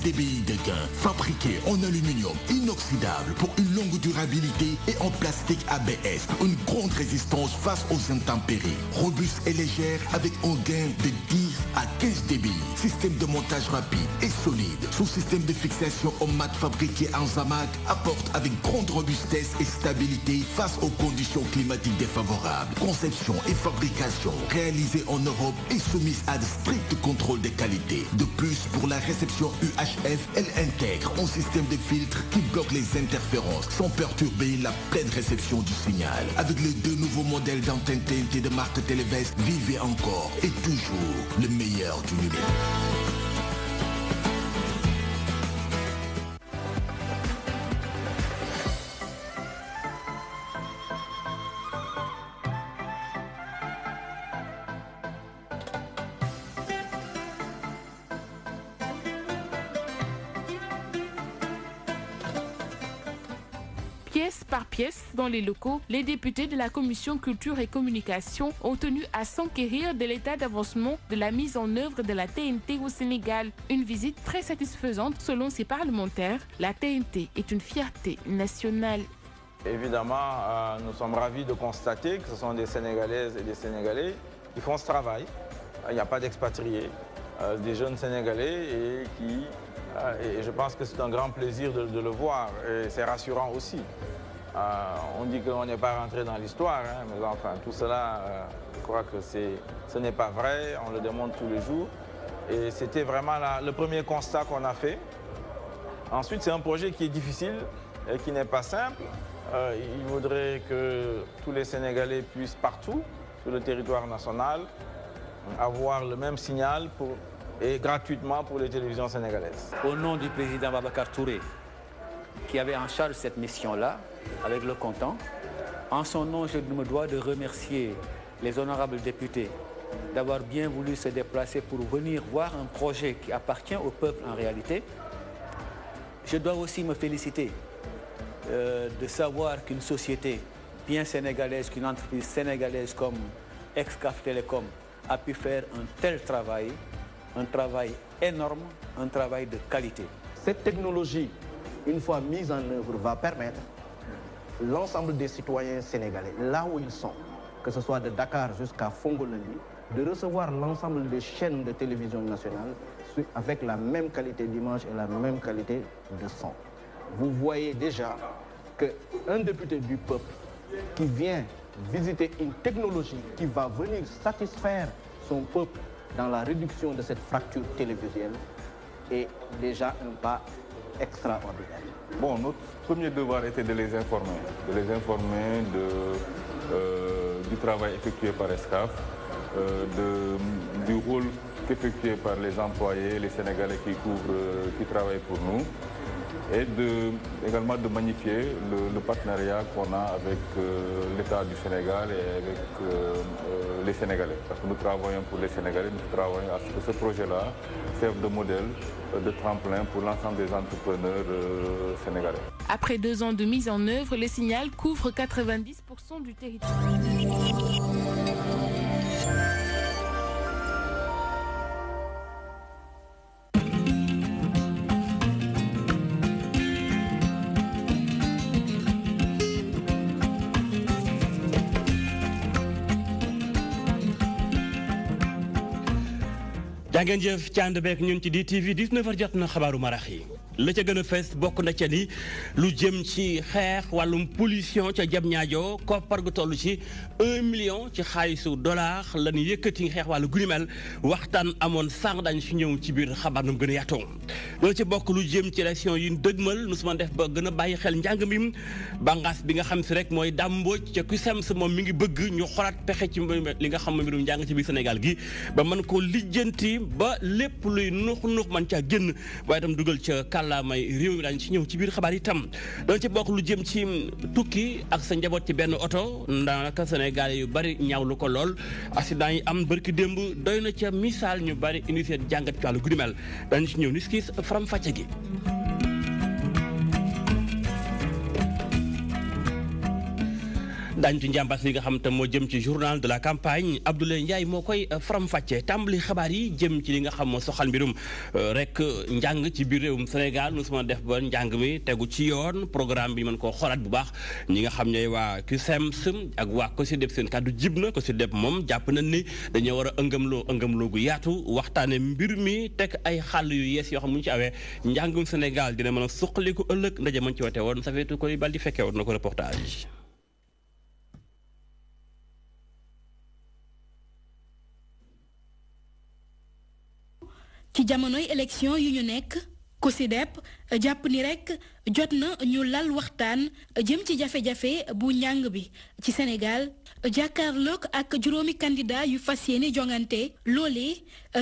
débit DBI de gain fabriqué en aluminium inoxydable pour une longue durabilité et en plastique ABS, une grande résistance face aux intempéries. Robuste et légère avec un gain de 10 à 15 dBi. Système de montage rapide et solide. Sous système de fixation en mat fabriqué en Zamac apporte avec grande robustesse et stabilité face aux conditions climatiques défavorables. Conception et fabrication réalisées en Europe et soumises à de stricts contrôles de qualité. De plus, pour la réception UA elle intègre un système de filtres qui bloque les interférences sans perturber la pleine réception du signal. Avec les deux nouveaux modèles d'antenne TNT de marque Televest, vivez encore et toujours le meilleur du numérique. Pièce par pièce, dans les locaux, les députés de la Commission culture et communication ont tenu à s'enquérir de l'état d'avancement de la mise en œuvre de la TNT au Sénégal. Une visite très satisfaisante selon ces parlementaires. La TNT est une fierté nationale. Évidemment, euh, nous sommes ravis de constater que ce sont des Sénégalaises et des Sénégalais qui font ce travail. Il n'y a pas d'expatriés, euh, des jeunes Sénégalais et qui ah, et je pense que c'est un grand plaisir de, le voir. Et c'est rassurant aussi. Euh, on dit qu'on n'est pas rentré dans l'histoire, hein, mais enfin, tout cela, euh, je crois que ce n'est pas vrai. On le demande tous les jours. Et c'était vraiment le premier constat qu'on a fait. Ensuite, c'est un projet qui est difficile et qui n'est pas simple. Euh, il voudrait que tous les Sénégalais puissent partout, sur le territoire national, avoir le même signal pour et gratuitement pour les télévisions sénégalaises. Au nom du président Babacar Touré, qui avait en charge cette mission-là, avec le content, en son nom, je me dois de remercier les honorables députés d'avoir bien voulu se déplacer pour venir voir un projet qui appartient au peuple en réalité. Je dois aussi me féliciter euh, de savoir qu'une société bien sénégalaise, qu'une entreprise sénégalaise comme Excaf Télécom a pu faire un tel travail un travail énorme, un travail de qualité. Cette technologie, une fois mise en œuvre, va permettre l'ensemble des citoyens sénégalais, là où ils sont, que ce soit de Dakar jusqu'à Fongolani, de recevoir l'ensemble des chaînes de télévision nationale avec la même qualité d'image et la même qualité de son. Vous voyez déjà qu'un député du peuple qui vient visiter une technologie qui va venir satisfaire son peuple dans la réduction de cette fracture télévisuelle est déjà un pas extraordinaire. Bon, notre premier devoir était de les informer, de les informer euh, du travail effectué par ESCAF, euh, du rôle effectué par les employés, les Sénégalais qui couvrent, euh, qui travaillent pour nous et également de magnifier le, partenariat qu'on a avec euh, l'État du Sénégal et avec euh, euh, les Sénégalais. Parce que nous travaillons pour les Sénégalais, nous travaillons à ce que ce projet-là serve de modèle, de tremplin pour l'ensemble des entrepreneurs sénégalais. Après deux ans de mise en œuvre, le signal couvre 90% du territoire. jaa ngeen jëf ci ñun ci DTV 19 na xabaaru marax yi. la ca gën a fees bokk na ca ni lu jëm ci xeex wàllum pollution ca jam ñaajo koppar gu toll ci un million ci xaalisu dollar la ñu yëkkati xeex wàllu gunimel waxtaan amoon sànq dañ si ñëw ci biir xabaar nam gën a yaatoo loolu ci bokk lu jëm ci élection yi dëgmal nu su ma def ba gën a bàyyi xel njàng mi bàngaas bi nga xam si rek mooy dàmbooj ca kusems moom mi ngi bëgg ñu xolaat pexe ci li nga xam mbirum njàng ci biir Sénégal gi ba man ko lijjanti ba lépp man caa génn kàllaamay réew mi dañu ci ñëw ci biir xabaar tam dana ci bokk lu jëm ci tukki ak sa njaboot ci benn oto daanaka Sénégal yu bari ñaawlu ko lool accident yi am bërki démb doy na ca misaal ñu bari indi seen jàngat ci wàllu guddi mel daañu ci ñëw niskis faram fàcce gi daañu ci njàmbaas li nga xam te moo jëm ci journal de la campagne Abdoulaye Ndiaye moo koy euh, faram-fàccee tàmbali xabaar yi jëm ci li nga xam moo soxal mbirum euh, rek euh, njàng ci biir réewum Sénégal nu su def ba njàng mi tegu ci yoon programme bi mën koo xoolaat bu baax ñi nga xam ñooy waa CUSEMS ak waa COSYDEP seen kàddu jib na ko COSYDEP moom jàpp nañ ni dañoo war a ëngamloo ëngamloo gu yaatu waxtaane mbir mi teg ay xàll yu yees yoo xam mu ci awee njàngum Sénégal dina mën a suqaliku ëllëg ndaje mën ci wote woon Safeetu Koli Bal di fekkee woon na ko reportage ci jamonoy élection yu ñu nekk COSYDEP jàpp ni rek jot na ñu lal waxtaan jëm ci jafe-jafe bu njàng bi ci Sénégal jàkkaarloog ak juróomi kandidaa yu fas yéene jongante loolee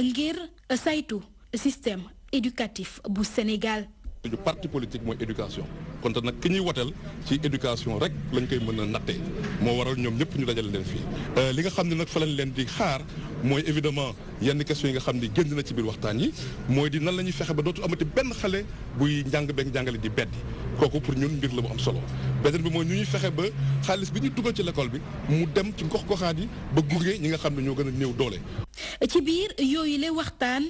ngir saytu système éducatif bu Sénégal. du parti politique moy éducation kon nak ki ñuy woteel ci éducation rek lañ koy mëna naté mo waral ñom ñëpp ñu dajal leen fi euh li nga xamni nak fa lañ leen di xaar moy évidemment yenn question yi nga xamni ne na ci biir waxtaan yi moy di nan la fexé ba dootul amati benn xalé buy njàng beeg njàngale di beddi kooku pour ñun mbir la bu am solo beneen bi moy ñu ñuy fexé ba xaalis bi ñu duggal ci l'école bi mu dem ci gox goxaan yi ba gunge ñi nga xamni ñoo gëna a doolé ci biir yooyu la waxtaan.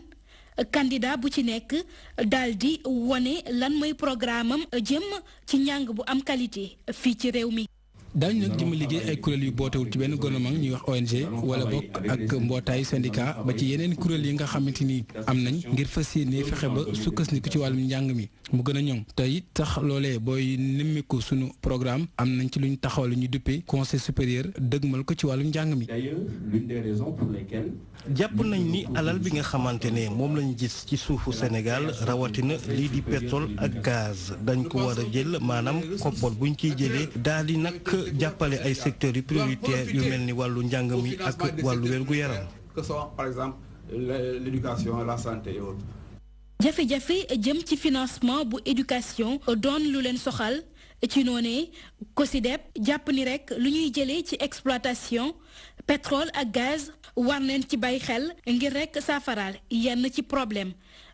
candidat bu ci nekk daal di wane lan mooy programme am jëm ci njàng bu am qualité fii ci réew mi. daañu nag jëm liggéey ay kuréel yu bootewul ci benn gouvernement ñuy wax ONG wala bokk ak mbootaayu syndicat ba ci yeneen kuréel yi nga xamante ni am nañ ngir fas yéene fexe ba su sukkandiku ci wàllum njàng mi mu gën a ñoŋ te it sax loolee booy nimmiku suñu programme am nañ ci lu ñu taxawal ñu duppee conseil supérieur dëgmal ko ci wàllum njàng mi. jàpp nañ ni alal bi nga xamante ne moom lañu gis ci suufu Sénégal rawatina lii di pétrole ak gaz dañ ko war maanaam buñ ciy jëlee jappalé ay secteurs yu prioritaires yu mel ni wàllu njàng mi ak wàllu wergu yaram. que sont par exemple l'éducation la santé et autres. jafe-jafe jëm ci financement bu éducation doon lu leen soxal ci noonee COSYDEP jàpp ni rek lu ñuy jëlee ci exploitation pétrole ak gaz war neen ci bàyyi xel ngir rek saafaraal yenn ci problème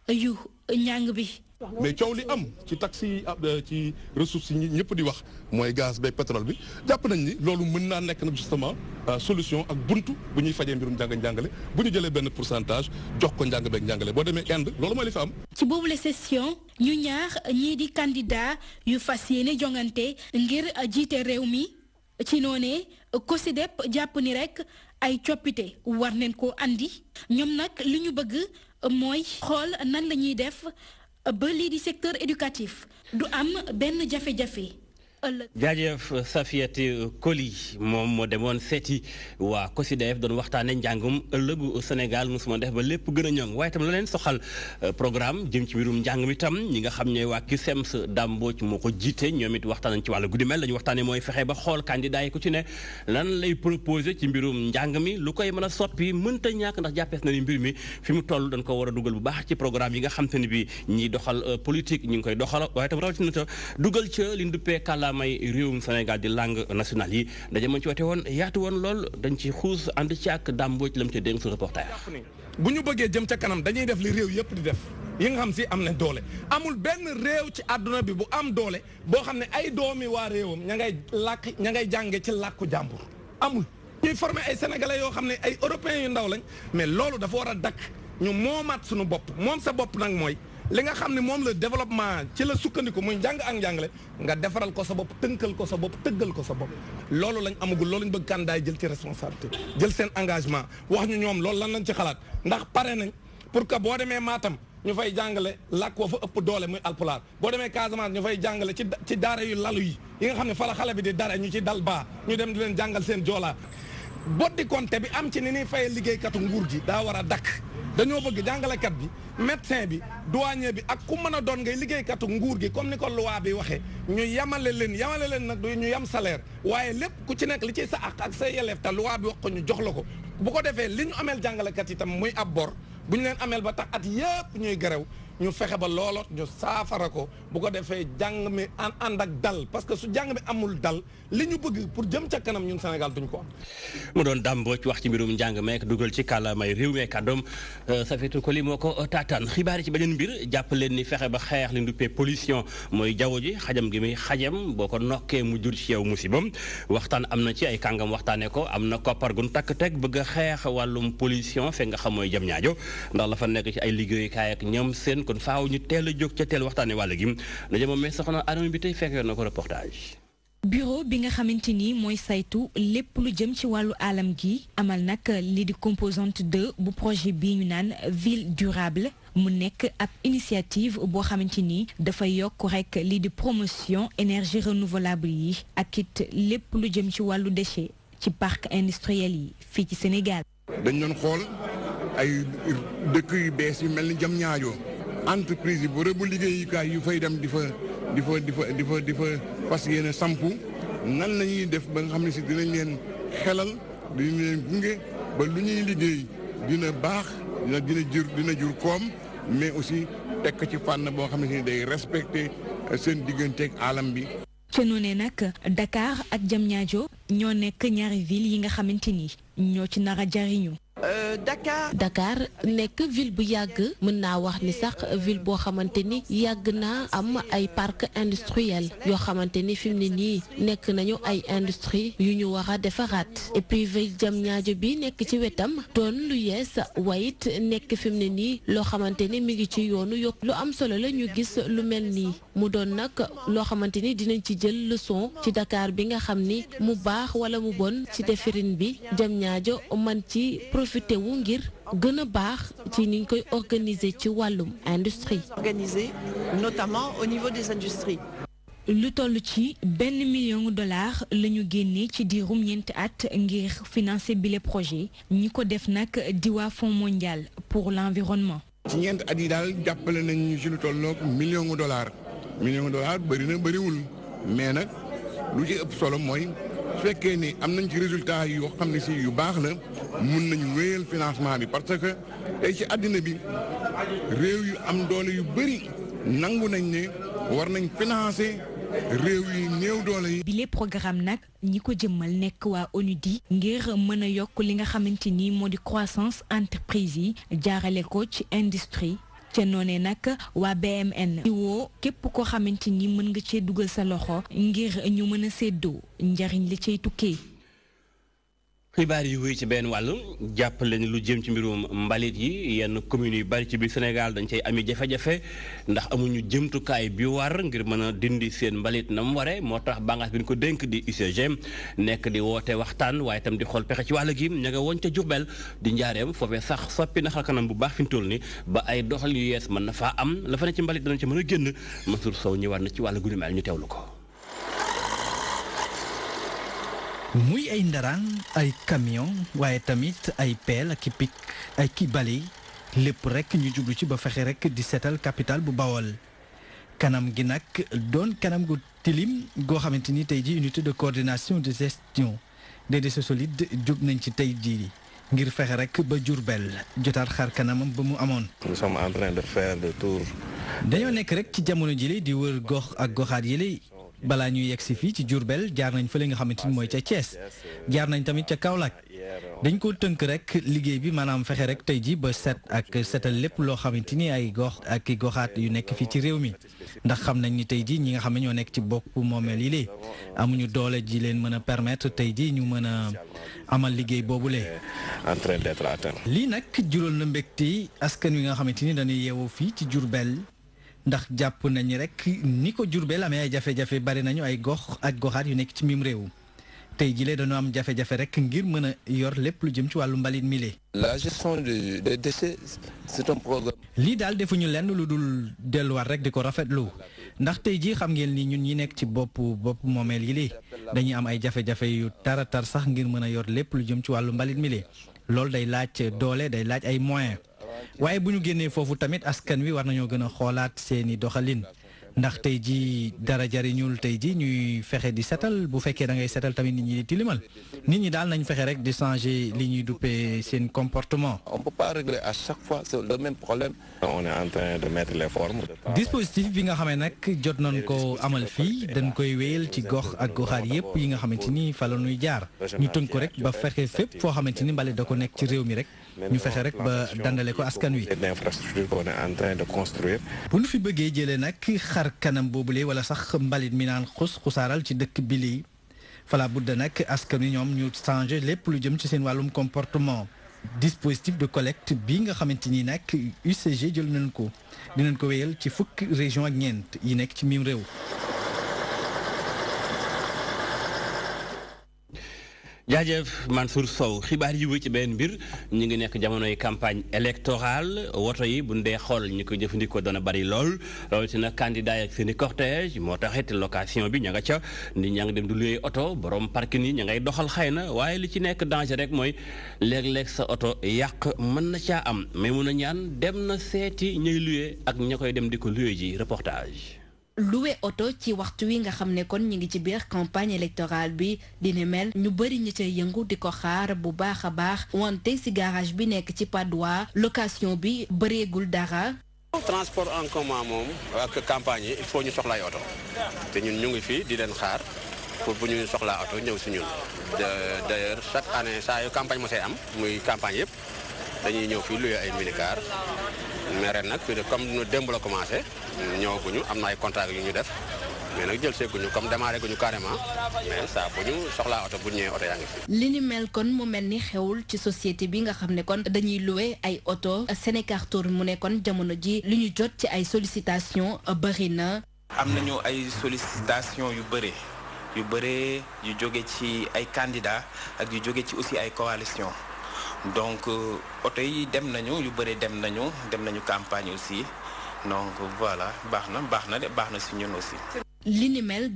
yu njàng bi mais ci li am ci taxi ah, euh, ci ressources yi ñëpp di wax mooy gaz beeg pétrole bi jàpp nañ ni loolu mën naa nekk na justement euh, solution ak buntu bu ñuy fajee mbirum njàng njàngale bu ñu jëlee benn pourcentage jox ko njàng beeg njàngale boo demee Inde loolu mooy li fa am. ci boobu la session ñu ñaar ñii di candidat yu fas yéene jongante ngir jiite réew mi ci noonee COSYDEP jàpp ni rek ay coppite war neen koo andi ñoom nag li ñu bëgg mooy xool nan la ñuy def ba lii di secteur éducatif du am benn jafe-jafe ëllëg. jaajëf Safiatou Koli moom moo demoon seeti waa COSYDEF doon waxtaane njàngum ëllëgu Sénégal mosuma def ba lépp gën a ñoŋ waaye itam la leen soxal euh, programme jëm ci mbirum njàng mi tam ñi nga xam ñooy waa CUSEMS dàmboo ci moo ko jiite ñoom it waxtaan ci wàllu guddi mel la ñu waxtaanee mooy fexe ba xool candidat yi ku ci ne lan lay proposé ci mbirum njàng mi lu koy mën a soppi mënta ñàkk ndax jàppees na ni mbir mi fi mu toll dañ ko war a dugal bu baax ci programme yi nga xam te ni bi ñiy doxal euh, politique ñi ngi koy doxal waaye itam dugal ca li ñu kàlla kàllaamay réewum Sénégal di langue nationale yi ndaje ma ci woote woon yaatu woon lool dañ ci xuus ànd ci ak dàmboo ci lam ca dénk su reportage bu ñu bëggee jëm ca kanam dañuy def li réew yëpp di def yi nga xam si am na doole amul benn réew ci adduna bi bu am doole boo xam ne ay doomi waa réewam ña ngay làkk ña ngay jànge ci làkku jàmbur amul ñuy formé ay sénégalais yoo xam ne ay européens yu ndaw lañ mais loolu dafa war a dakk ñu moomaat suñu bopp moom sa bopp nag mooy li nga xam ne moom la développement ci la sukkandiku muy njàng ak njàngale nga defaral ko sa bopp tënkal ko sa bopp tëggal ko sa bopp loolu lañu amagul loolu lañ bëgg candidat jël ci responsabilité jël seen engagement wax ñu ñoom loolu lan lañ ci xalaat ndax pare nañ pour que boo demee maatam ñu fay jàngale làkk wa fa ëpp doole muy alpulaar boo demee Casamance ñu fay jàngale ci ci daara yu lalu yi yi nga xam ne xale bi di dara ñu ci dal baa ñu dem di leen jàngal seen joolaa boddi konte bi am ci ni ñuy faye liggéeykatu nguur gi daa war a dakk dañoo bëgg jàngalekat bi médecin bi douanier bi ak ku mën a doon ngay liggéeykatu nguur gi comme ni ko luwaa bi waxee ñu yamale leen yamale leen nag du ñu yam salaire waaye lépp ku ci nekk li ciy sa àq ak say yelleef te loi bi wax ko ñu jox la ko bu ko defee li ñu ameel jàngalekat yi tam muy ab bor bu ñu leen ameel ba tax at yëpp ñuy garew ñu fexe ba loolo ñu saafara ko bu ko defee jàng mi an ànd ak dal parce que su jàng mi amul dal li ñu bëgg pour jëm ca kanam ñun Sénégal duñ ko am. mu doon dàmboo ci wax ci mbirum njàng meek dugal ci kàllaamay réew mee kàddoom ko euh, Koli moo ko euh, taataan xibaar yi ci beneen mbir jàpp leen ni fexe ba xeex li duppee polition mooy jaww ji xajam gi muy xajam boo ko nokkee mu jur ci yow musibam waxtaan am na ci ay kàngam waxtaanee ko am na koppar gun takk teg bëgg xeex wàllum pollution fekk nga xam mooy jëm ñaajo ndax ay liggéeyukaay kon faaw ñu teel a jóg ca teel waxtaane wàll gi ndaje moom mais soxna Adama bi tey fekk na ko reportage. bureau bi nga xamante ni mooy saytu lépp lu jëm ci wàllu alam gi amal nag lii di composante de bu projet bii ñu naan ville durable mu nekk ab initiative boo xamante ni dafa yokk rek lii di promotion énergie renouvelable yi ak it lépp lu jëm ci wàllu déchet ci parc industriel yi fii ci Sénégal. dañ doon xool ay dëkk yu bees yu mel ni jam ñaajoo entreprise yi bu rëbb liggéeyukaay yu fay dem di fa di fa di fa di fa di fa fas yéene sampu nan la ñuy def ba nga xam ne si dinañ leen xelal dinañ leen gunge ba lu ñuy liggéey dina baax dina dina jur dina jur koom mais aussi tekk ci fànn boo xam ne si day respecté seen digganteeg alam bi. ca noonee nag dakaar ak Diamniadio ñoo nekk ñaari ville yi nga xamante ni ñoo ci nar a jariñu Dakar. Dakar nekk ville bu yàgg mën naa wax ni sax ville boo xamante ni yàgg naa am ay parc industriel yoo xamante ni fi mu ne nii nekk nañu ay industrie yu ñu wax a defaraat et puis ville bi nekk ci wetam doon lu yees wayit nekk fi mu ne nii loo xamante ni mi ngi ci yoonu yokk lu am solo la ñu gis lu mel nii mu doon nag loo xamante ni dinañ ci jël leçon ci Dakar bi nga xam ni mu baax wala mu bon ci defirin bi Diamniadio man ci profit fi teewu ngir gën baax ci niñ koy organiser ci walum industrie. organisé notamment au niveau des industries. lu toll ci benn million dollars la ñu génnee ci diirum ñent at ngir financer bile projet ñi ko def nak di Fonds mondial pour l'environnement. ci ñent at yi daal jàppale nañu ci lu tollook million dollars million dollars bari na bëriwul mais nak lu ci ëpp solo mooy su fekkee ni am nañ ci résultat yoo xam ne si yu baax la mun nañ wéyal financement bi parce que tey ci àddina bi réew yu am doole yu bëri nangu nañ ne war nañ financer réew yu néew doole yi. les programmes nag ñi ko jëmmal nekk waa ONUDI ngir mën a yokk li nga xamante ni moo di croissance entreprise yi jaarale ko ci industrie. ca noonee nag waa BMN di woo képp koo xamante ni mën nga cee dugal sa loxo ngir ñu mën a séddoo njariñ li cay tukkee xibaar yi wuy ci benn wàll jàppale ni lu jëm ci mbirum mbalit yi yenn communes yu bari ci biir Sénégal dañ cay ami jafe-jafe ndax amuñu jëmtukaay bi war ngir mën a dindi seen mbalit na mu ware moo tax bànqaas bi ñu ko dénk di UCG nekk di woote waxtaan waaye itam di xool pexe ci wàll gi ña nga woon ca Jurbel di njaareem foofee sax soppi na xarkanam bu baax fi ñu toll ni ba ay doxal yu yees mën na faa am la fa ne ci mbalit dana ci mën a génn Mansour Sow ñëwaat na ci wàll gu ñu mel ñu ko muy ay ay camion waaye tamit ay peel ak pic ay ki bale lépp rek ñu jublu ci ba fexe rek di sétal capital bu Bawol kanam gi nak doon kanam gu tilim go xamanteni tay tey ji unité de coordination de gestion des déchets solides jóg nañ ci tay jii ngir fexe rek ba Diourbel jotaat xar kanam bu mu amone nous sommes en train de faire le tour. dañu nekk rek ci jamono jile di wër gox ak goxaat yile balaa ñuy yegg si fii ci Diourbel jaar nañ fële nga xamante ni mooy ca Thiès jaar nañ tamit ca Kaolack dañ ko tënk rek liggéey bi maanaam fexe rek tey ji ba set ak setal lépp loo xamante ni ay gox ak goxaat yu nekk fii ci réew mi ndax xam nañ ni tey ji ñi nga xam ne ñoo nekk ci bokk moomeel yi lii amuñu doole ji leen mën a permettre tey ji ñu mën a amal liggéey boobu en train lii nag jural na mbégte askan wi nga xamante ni dañuy yeewoo fii ci Diourbel ndax jàpp nañu rek ni ko Jurbel amee ay jafe bari nañu ay gox ak goxaat yu nekk ci mim réew tey jilee dañoo am jafe rek ngir mën a yor lépp lu jëm ci wàllu mbalit mile. la gestion lii daal defuñu lenn lu dul delluwaat rek di ko rafetlu ndax tey jii xam ngeen ni ñun ñi nekk ci bopp bopp moomeel yi lii dañuy am ay jafe-jafe yu tar sax ngir mën a yor lépp lu jëm ci wàllu mbalit mile loolu day laaj doole day laaj ay moyen waaye bu ñu génnee foofu tamit askan wi war nañoo gën a xoolaat seeni doxalin ndax tey ji dara jariñul tey ji ñuy fexe di setal bu fekkee da ngay setal tamit nit ñi di tilimal nit ñi daal nañ fexe rek di changer li ñuy duppee seen comportement. on peut pas régler à chaque fois c'est le même problème. on est en train de mettre les formes. dispositif bi nga xamee nag jot nañ ko amal fii dañ koy wéyal ci gox ak goxaat yépp yi nga xamante ni fa la ñuy jaar ñu tënk ko rek ba fexe fépp foo xamante ni mbale da ko nekk ci réew mi rek ñu fexe rek ba dandale ko askan wi. d'infrastructure qu'on bu ñu fi bëggee jëlee nag xar kanam boobu boobule wala sax mbalit mi naan xus xusaaral ci dëkk bi lii fala budda nag askan wi ñoom ñu changé lépp lu jëm ci seen wàllum comportement dispositif de collect bi nga xamante ni nag UCG jël nañ ko dinañ ko wéyal ci fukk région ak ñeent yi nekk ci miim réew jaajëf Mansour Sow xibaar yi wëcc ci benn mbir ñu ngi nekk jamonoy campagne électorale woto yi bu ñu dee xool ñu ko jëfandikoo doona bari lool rawatina candidat yi ak seen i cortège moo taxit location bi ña nga ca ni ñaa ngi dem du luy oto borom parking yi ña ngay doxal xay na waaye li ci nekk danger rek mooy léeg-léeg sa oto yàq mën na caa am mais mun a ñaan dem na seeti ñëy luye ak ña koy dem di ko luye ji reportage. loué oto ci waxtu wi nga xam ne kon ñu ngi ci biir campagne électorale bi dina mel ñu bëri ñu cay yëngu di ko xaar bu baax a baax wante si garage bi nekk ci Padois location bi bëreegul dara. transport en commun moom ak campagne yi il faut ñu soxlaay oto te ñun ñu ngi fi di leen xaar pour bu ñu soxlaa oto ñëw si ñun d'ailleurs chaque année saa yu campagne mosay am muy campagne yëpp. dañuy ñëw fii luye ay minicar mais ren nag comme nu démb la commencé ñëwaguñu am na ay contrat yu ñu def mais nag jël seeguñu comme démarré guñu carrément mais saa bu ñu soxlaa oto bu ñëwee oto yaa ngi fi. li ni mel kon mu mel ni xewul ci société bi nga xam ne kon dañuy loué ay oto Sénécartour mu ne jamono ji li ñu jot ci ay sollicitation euh, bëri na. am nañu ay sollicitation yu bëri yu bëri yu jóge ci ay candidats ak yu jóge ci aussi ay coalition donc euh, oto yi dem nañu yu bëri dem nañu dem nañu campagne aussi donc voilà baax na baax na de baax na si ñun aussi. li ni mel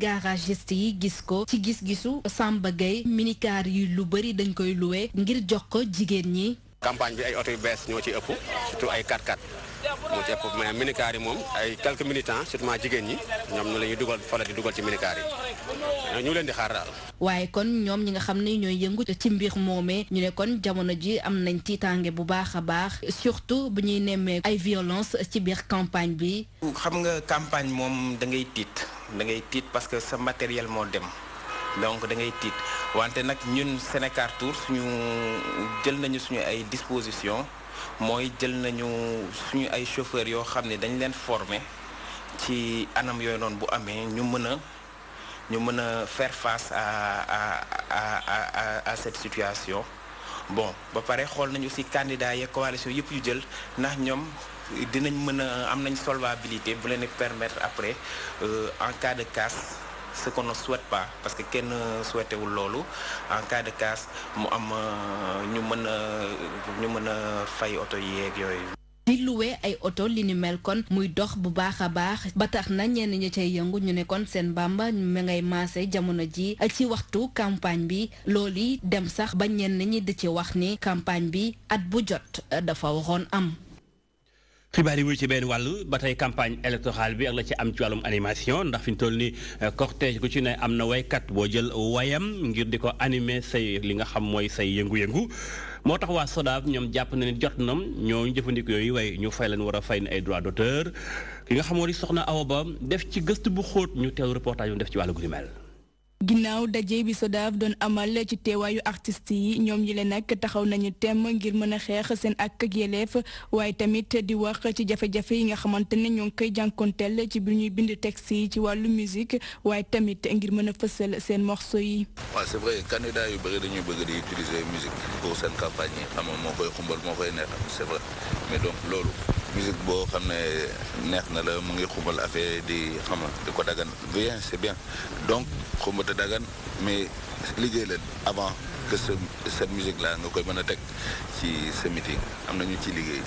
yi gis ko ci gis-gisu Samba Gueye minicar yi lu bëri dañ koy loué ngir jox ko jigéen ñi. campagne bi ay oto yu bees ñoo ci ëpp surtout ay 4 x mu ci ëpp mais minicar yi moom ay quelques militants surtout jigéen ñi ñoom ñu la ñuy dugal fa la di dugal ci minicar yi ñu leen di xaar waaye kon ñoom ñi nga xam ne ñooy yëngu ci mbir moomee ñu ne kon jamono ji am nañ tiitaange bu baax a baax surtout bu ñuy nemmee ay violence ci biir campagne bi. xam nga campagne moom da ngay tiit da ngay tiit parce que sa matériel moo dem. donc da ngay tiit wante nag ñun Sénécartour suñu jël nañu suñu ay dispositions. moy jël nañu suñu ay chauffeurs yo xamné dañ leen former ci anam yoy non bu amé ñu mëna ñu mëna faire face à à à à à cette situation bon ba paré xol nañu ci candidat yeeg coalition yëpp yu jël ndax ñom dinañ mëna am nañ solvabilité bu leen permettre après euh, en cas de casse. ce qu'on ne souhaite pas parce que kenn souhaité wul loolu en cas de casse mu am euh, ñu mën a ñu mën a fay oto yeeg yooyu. di luwee ay oto li ni mel kon muy dox bu baax a baax ba tax na ñenn ñi cay yëngu ñu ne kon seen bamba mi ngay maase jamono ji ci waxtu campagne bi loolu dem sax ba ñenn ñi di ci wax ni campagne bi at bu jot dafa waxoon am. xibaar yi wul ci benn wàllu ba tey campagne électorale bi ak la ci am ci wàllum animation ndax fi toll ni euh, cortège gu ci ne am na waykat boo jël wayam ngir di ko animer say li nga xam mooy say yëngu-yëngu moo tax waa SODAV ñoom jàpp na ni jot na ñooñu jëfandikoo yooyu waaye ñu fay leen war a fay ne ay droit d'auteur ki nga xamoo ni soxna Awa Ba def ci gëstu bu xóot ñu teew reportage yu def ci wàllu gu ginnaaw daje bi SODAV doon amal ci teewaayu artistes yi ñoom yi leen nag taxaw nañu temm ngir mën a xeex seen ak ak yeleef waaye tamit di wax ci jafe-jafe yi nga xamante ne ñoo ngi koy jànkonteel ci bi ñuy bind texte yi ci wàllu musique waaye tamit ngir mën a fësal seen morceau yi. waaw c'est vrai candidat yu dañuy bëgg di utiliser musique pour seen campagne yi xam moo koy xumbal moo koy neex c'est vrai mais donc loolu. musique bo xamné ne neex na la mu ngi xumbal affaire di xam di ko dagan bien c'est bien donc xumbata dagan mais liggéey leen avant que ce cette musique là nga koy mën a ci ce meeting amna ñu ci liggéey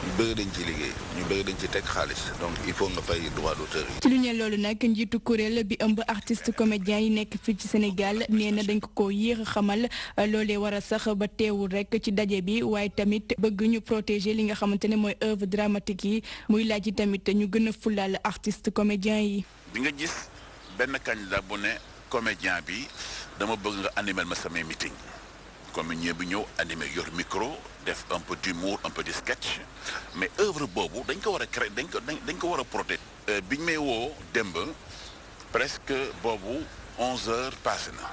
ñu bëri dañ ci liggéey ñu bëri dañ ci teg xaalis donc il faut nga fay droit d'auteur yi. ci lu ñeel loolu nag njiitu kuréel bi ëmb artiste comédien yi nekk fii ci Sénégal nee na dañ ko ko yéex a xamal loolee war a sax ba teewul rek ci daje bi waaye tamit bëgg ñu protéger li nga xamante ne mooy œuvre dramatique yi muy laaj yi tamit ñu gën a fulaal artist comédien yi. bi gis benn candidat bu ne comédien bi dama bëgg nga animel ma samay meeting. comme bi ñëw animé yor micro def un peu d'humour un peu de sketch mais œuvre boobu dañ ko war a créer dañ ko dañ ko protéger. Euh, biñ may presque boobu 11 heures passent na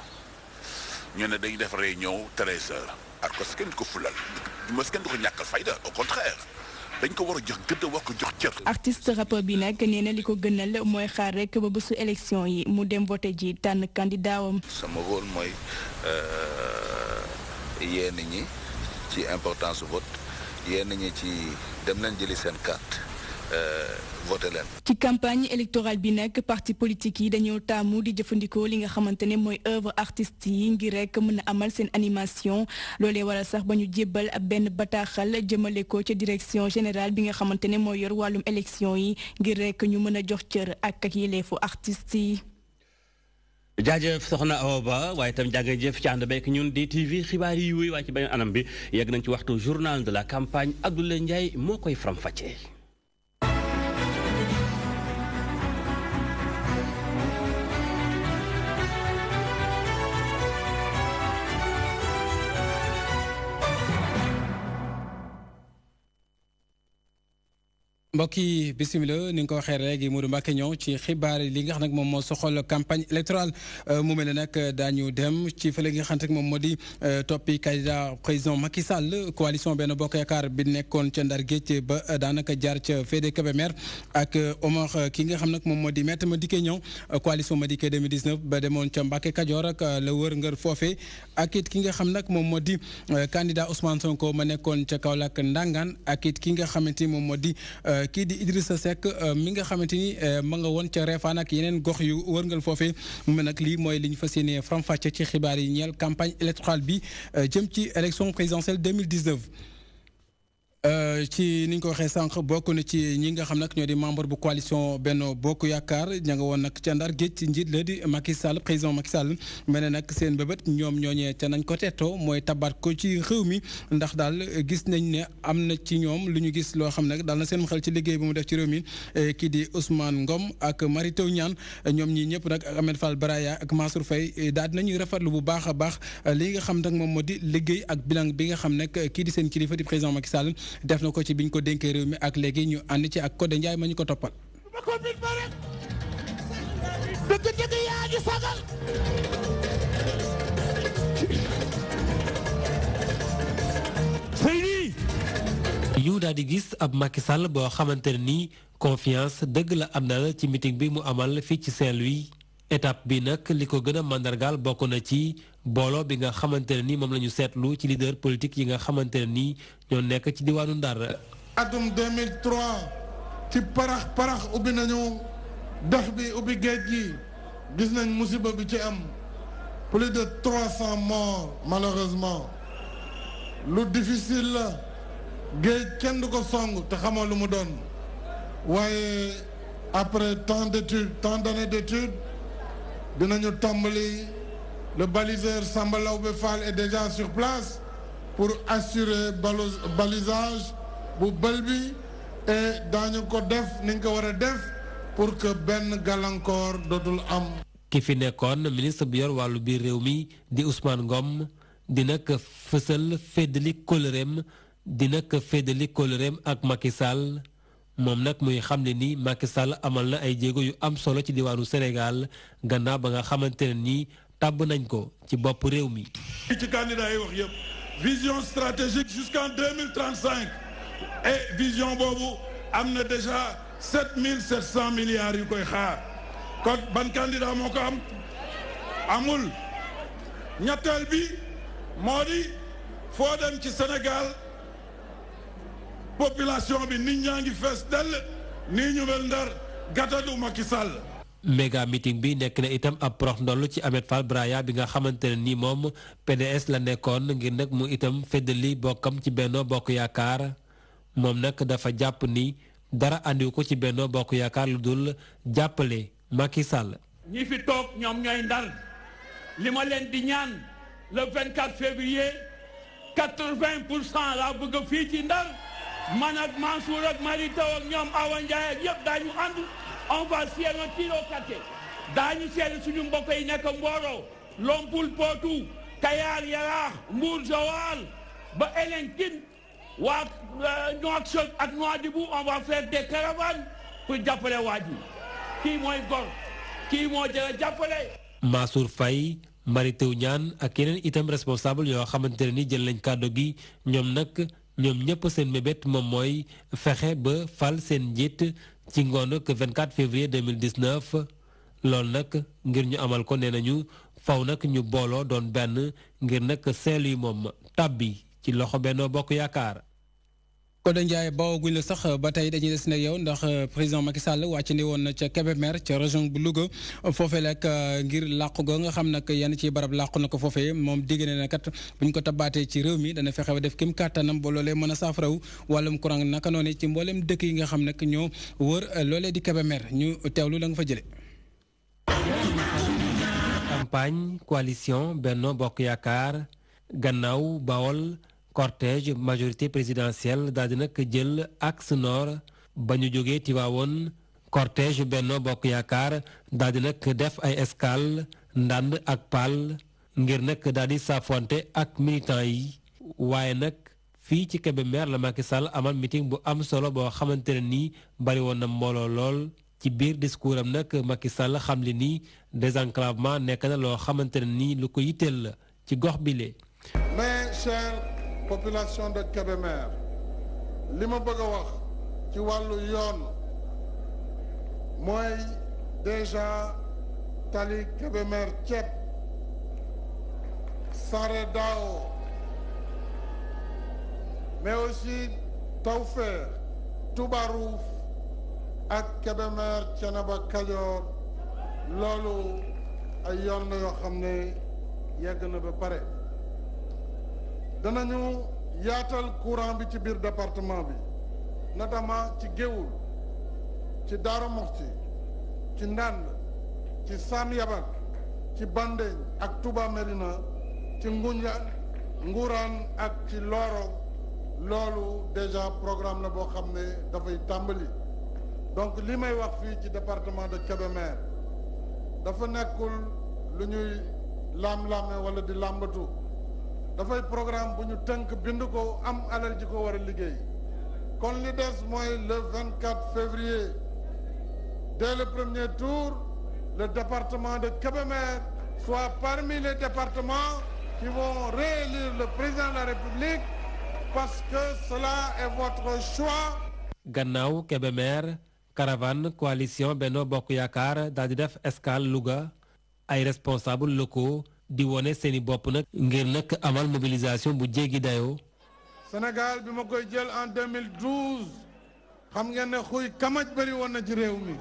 ñu a dañu def réunion 13 heures. à parce que kenn du ko fulal mos kenn fayda au contraire. dañ ko war a jox gëdd jox artiste rappeur bi nag néna liko gënal moy xaar rek ba bésu élection yi mu dem voter ji tan candidat wam sama rôle euh yenn ñi ci importance vote yenn ñi ci dem nañ jëli seen carte euh, voté leen. ci campagne électorale bi nag parti politique yi dañoo taamu di jëfandikoo li nga xamante ne mooy œuvre artiste yi ngir rek mën a amal seen animation loolee wala sax ba ñu jébbal ab benn bataaxal jëmale ko ca direction générale bi nga xamante ne mooy yor wàllum élection yi ngir rek ñu mën a jox cër ak ak artistes yi. jaajëf soxna Awa Ba waaye itam jaajëf ci ànd beek ñun DTV xibaar yi wuy waaye ci beneen anam bi yegg nañ ci waxtu journal de la campagne Abdoulaye Ndiaye moo koy faram-fàccee. mbokk yi bisimila ni nga ko waxee léegi Modou Mbacke ñëw ci xibaar li nga xam nag moom moo soxal campagne électorale euh, mu mel ne nag daañu dem ci fële nga xam nag moom moo di euh, toppi candidat président Macky Sall coalition benn bokk yaakaar bi nekkoon ca Ndar Géej ba daanaka jaar ca Fede Kébémer ak euh, Omar ki nga xam nag moom moo di ma Maître Madické ñëw ma Madické 2019 ba demoon ca Mbacke Kajoor ak la wër ngër foofe ak it ki nga xam nag moom moo di candidat Ousmane Sonko ma nekkoon ca Kaolack Ndangaan ak ki nga xamante moom moo di Qui dit Idrissa Seck euh, mi nga xamanteni euh, ma nga won ci ak yenen gox yu wërngal fofé mu campagne électorale bi euh, jëm ci élection présidentielle 2019 euh, ci niñ ko waxee sànq bokk na ci ñi nga xam nak ñoo di membre bu coalition Benno bokku Yaakaar ña nga woon nag ca Ndar géej ci njiit la di Macky Sall président Macky Sall mel nak seen bëbët ñom ñooñee ca nañ ko tettoo moy tabaat ko ci réew mi ndax dal gis nañ ne amna ci ñom lu ñu gis lo xam nak dal na seen xel ci liggéey bu mu def ci réew mi e, kii di Ousmane Ngom ak Mary Teuw Niane ñoom ñi ñëpp nak ak Ahmed Fall Braya ak Mansour Faye e, daal dinañuy rafetlu bu baaxa baax e, li nga xam nak mom modi di liggéey ak bilan bi nga xam nak ki di seen kilifa di président Macky Sall def na ko ci biñ ko dénkee réew mi ak léegi ñu ànd ci ak Codé Ndiaye ma ñu ko toppal. dëgg-dëgg ñu daal di gis ab Macky Sall boo xamante ne nii confiance dëgg la am na ci meeting bi mu amal fii ci Saint-Louis étape bi nag li ko gën a màndargaal bokk na ci booloo bi nga xamante ne ni moom la ñu ci leader politique yi nga xamante ne ni ñoo nekk ci diwaanu Ndar. atum 2003 ci parax parax ubbi nañu dex bi ubbi géej gi gis nañ musiba bi ci am plus de 300 morts malheureusement lu difficile la géej kenn du ko song te xamoo lu mu doon waaye après tant d'études tant d'années d'études dinañu tàmbali. Le baliseur Samba Befal est déjà sur place pour assurer balisage bu Belbi et daañu ko def ni def pour que Ben gàllankoor Dodul am. Kifine fi ministre Bior yor wàllu biir di Ousmane Ngom dina ko fësal féddali kóllëreem dina ko féddali kóllëreem ak Macky Sall moom nag muy xamné ni Macky Sall amal na ay djégo yu am solo ci diwanu Sénégal ganna ba nga xamante tàbb nañ ko ci vision stratégique jusqu'en 2035 et vision bobo am déjà 7700 milliards yu koy xaar kon ban candidat moko am amul ñetteel bi modi fo dem ci Sénégal population bi nit ñaa ngi fees dell nii ñu mel ndar gata du makissal mega meeting bi nekk na itam ab prox ndollu ci Ahmed Fall Braya bi nga xamante ne ni moom PDS la nekkoon ngir nag mu itam feddali bokkam ci Benno Bokk Yaakaar moom nag dafa jàpp ni dara andiwu ko ci Benno Bokk Yaakaar lu dul Macky Sall. ñi fi toog ñoom ñooy ndar li ma di ñaan le 24 février 80 pour cent laa bëgg fii ci ndar man ak Mansour ak Mary Taw ak ñoom Awa Ndiaye ak yëpp daañu ànd. on va envoie no tiro kate daañu seede suñu mbokk yi nekk Mboro Lompul Potou Kayar Yaraax Mbour Joal ba Elenkin waa euh, Nouakchott ak Nouadhibou on va faire des caravanes pour jàppale waa ji kii mooy gor kii moo jëlee jàppale. Mansour Faye Mary Teuw Niane ak yeneen itam responsable yoo xamante ne ni jël nañ kàddu gi ñoom nag ñoom ñëpp seen mébét mom moy fexé ba fal seen njiit. ci ngoonu 24 février 2019 loolu nag ngir ñu amal ko nee nañu faw nag ñu booloo doon benn ngir nag saint moom moom tàbbi ci loxo benn Bokk Yaakaar Codé Ndiaye bawaguñ la sax ba tey dañuy des nag yow ndax euh, président Macky Sall wàccandi woon na ca Kébémer ca région bu Louga foofee nag euh, ngir làqu ga nga xam nag yenn ci barab làqu na ko foofe moom digg ne na kat buñ ko tabaatee ci réew mi dana fexe ba def kim kàttanam ba loolee mën a saafarawu wàllum courant naka noonu ci mboolem dëkk yi nga xam nag ñoo wër euh, loolee di Kébémer ñu teewlu la nga fa jële campagne Bokk Yaakaar cortège majorité présidentielle daal di axe nord bañu tiwawon cortège Benno Bokk yakar def ay escale ndand ak pal ngir nak dadi ak militants yi waaye Kébémer la Makisal, Sall amal meeting bu am solo Bo xamante ni bari woon na mbooloo ci biir discours am Macky Sall désenclavement na lu population de Kébémer Limobagawak, ma bëgg wax déjà tali Kébémer ceeb Sare Dao mais aussi Taufer, Toubarouf ak Kébémer Thiénaba Kajoor Lolo, ay yoon ne yegg na ba danañu yaatal courant bi ci biir département bi notamment ci Géoul ci Darou Moxti ci Ndande ci Sam Yabal ci Bandéñ ak Touba Mérina ci Nguña Ngouraan ak ci Loro loolu déjà programme la boo xam ne dafay tàmbali donc li may wax fii ci département de Kébémer dafa nekkul lu ñuy laam-laame wala di làmbatu dafay programme buñu programme que bind ko am alal ji ko war kon li le 24 février dès le premier tour le département de Kébémer soit parmi les départements qui vont réélire le président de la République parce que cela est votre choix. gannaaw Kébémer caravane coalition Benno Bokk Dadidef, Escal, di def escale Louga ay responsables locaux di woné seeni bop nak ngir nak amal mobilisation bu jéggi dayo Sénégal bima koy djël en 2012 xam ngeen né xuy kamaj bari woon na ci réew mi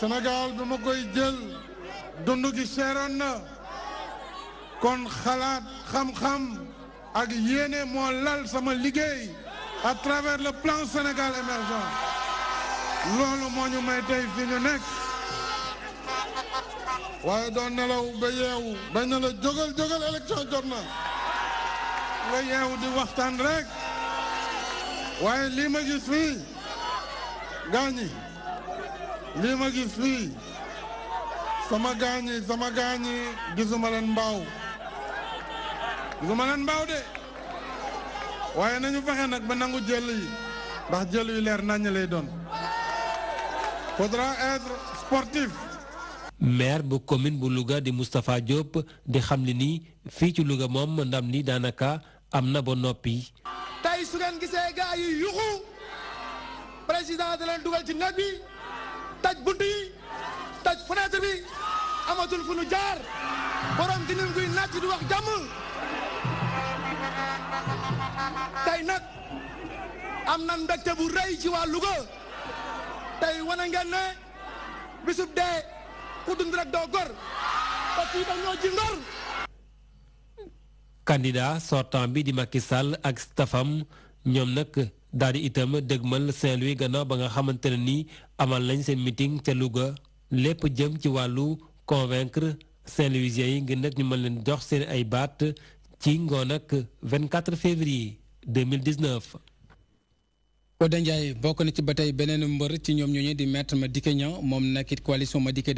Sénégal bima koy djël dundu gi séron na kon xalaat xam-xam ak yéene mo lal sama liggéey à travers le plan Sénégal émergent lolu moo ñu may tey fi ñu nekk. waaye doo nelaw ba yeewu ba ne la jógal jógal élection jot na nga yeewu di waxtaan rek waaye lii ma gis fii gaañi lii ma gis fii sama gaañi sama gaañi gisuma leen mbaaw gisuma leen mbaaw de waaye nañu fexe nag ba nangu jël yi ndax jël yu leer naññ lay doon faudra être sportif maire bu commune bu Louga di Moustapha Diop di xam ne nii fii ci Louga moom ndam li daanaka am na ba noppi. tey su ngeen gisee gaa yi yuxu président leen dugal ci naaj bi taj bunt yi taj fenêtre bi amatul fu nu jaar borom dinañ koy naaj di wax jàmm tey nag am na mbégte bu rëy ci waa Louga tey wane ne bisub dee. ku dund rek doo gor bi di Macky Sall ak stafam ñoom nag daal di itam dégmal Saint-Louis gannaaw ba nga xamante ne nii amal nañ seen meeting ca Louga lépp jëm ci wàllu convaincre Saint-Louisiens yi ngir nag ñu mën leen jox seen ay baat ci ngoon ak 24 février 2019. Codé Ndiaye bokk na ci ba tey beneen mbër ci ñoom ñooñu di maître Madické Niang moom nag it coalition Madické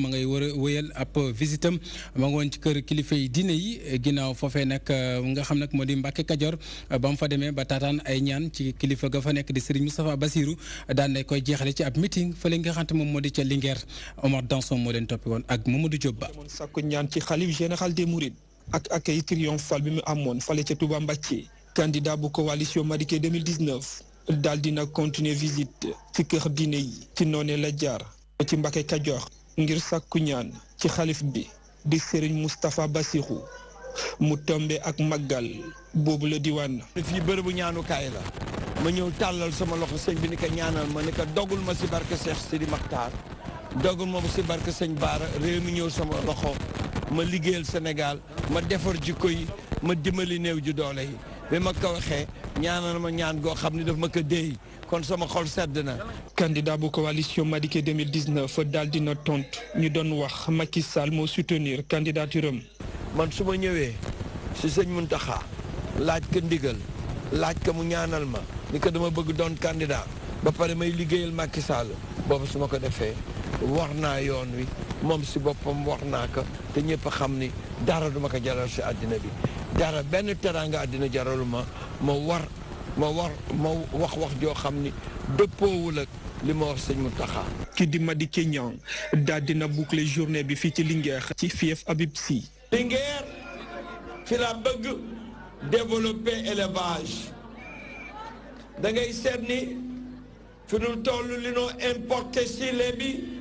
ma ngay a wëyal ab visitam ma ngoon ci kër kilifa yi diine yi ginnaaw foofee nag euh, nga xam nag moo di Mbàkke Kajoor euh, ba fa demee ba taataan ay ñaan ci kilifa ga fa nekk di Serigne Moustapha Bassirou daan na koy jeexale ci ab meeting fële nga xam te moom moo di ca Linguère Omar Danson moo leen toppi woon ak bi mu amoon fale ca Touba Mbacké candidat bu daal dina continuer visite ci kër diine yi ci noone la jaar ci Mbàkke Kajoor ngir sàkku ñaan ci xalif bi di sëriñ mustafa Bassirou mu tombe ak màggal boobu la diwaan fii bërëbu ñaanukaay la ma ñëw tàllal sama loxo sëñ bi ni ko ñaanal ma nekk ko dogul ma si barke Cheikh Sidi Makhtar dogul ma si barke sëñ Baara réew mi ñëw sama loxo ma liggéeyal Sénégal ma defar jikko yi ma dimbali néew ju doole yi bi ma ko waxee ñaanal ma ñaan goo xam ne dafa ma ko déey kon sama xol sedd na. candidat bu coalition Madické 2019 daal dina tontu ñu doon wax Macky Sall moo soutenir candidature man su ma ñëwee si sëñ taxa laaj ko ndigal laaj ko mu ñaanal ma ni ko dama bëgg doon candidat ba pare may liggéeyal Macky Sall boobu su ma ko defee war naa yoon wi moom si boppam war naa ko te ñëpp xam ni dara duma ko jalal si àddina bi dara benn teranga dina jaraluma ma war ma war ma wax wax joo xam ni dëppoowul ak li ma wax sëñ Mountakha. ki di Madické Niang daal dina boucler journée bi fii ci Linguère. ci fief abib si Linguère fi la bëgg développer élevage da ngay seet ni fi ñu toll li noo importer si lait bi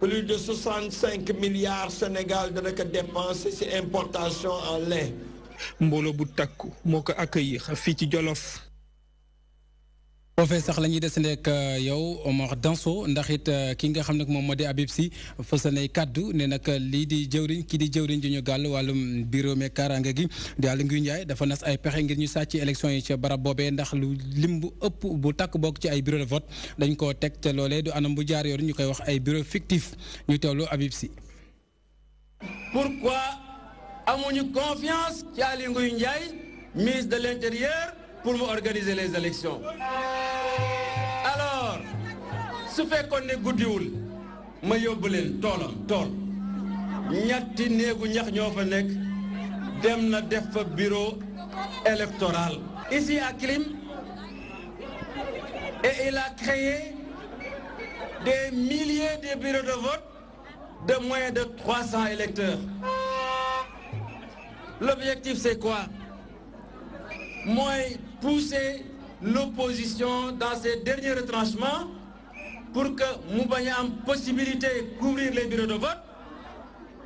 plus de 65 milliards Sénégal de dépenser que importations en lait professeur sax la ñuy yow Omar Danso ndax it euh, ki nga xam ne moom moo di Habib Sy fësal nay kaddu ne nag euh, lii di jëwriñ kii di jëwriñ ju ñu gàll wàllum bureau me kaaraange gi di Aly Ngouille Ndiaye dafa nas ay pexe ngir ñu sàcc élection yi ca barab boobee ndax lu lim bu bu tàkk bokk ci ay bureau de vote dañ koo teg te loolee du anam bu jaar yoon ñu wax ay bureau fictif ñu teewlu Habib Sy. pourquoi amuñu confiance ci Aly Ngouille Ndiaye ministre de l'intérieur pour organiser les élections alors ce fait qu'on est ma yóbbu leen toolam tool ou néegu ñax fa dem na def fa bureau électoral ici à crime et il a créé des milliers de bureaux de vote de moins de 300 électeurs. L'objectif c'est quoi Moins pousser l'opposition dans ces derniers retranchements pour que nous ait possibilité possibilité couvrir les bureaux de vote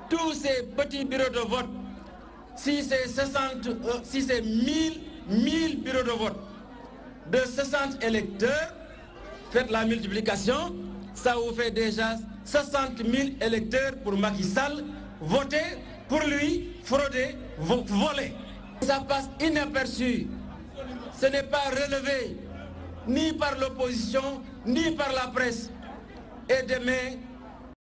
tous ces petits bureaux de vote si c'est 60 euh, si 1000 1000 bureaux de vote de 60 électeurs faites la multiplication ça vous fait déjà 60 000 électeurs pour Macky Sall voter pour lui frauder voler ça passe inaperçu ce n'est pas relevé ni par l'opposition, ni par la presse. Et demain,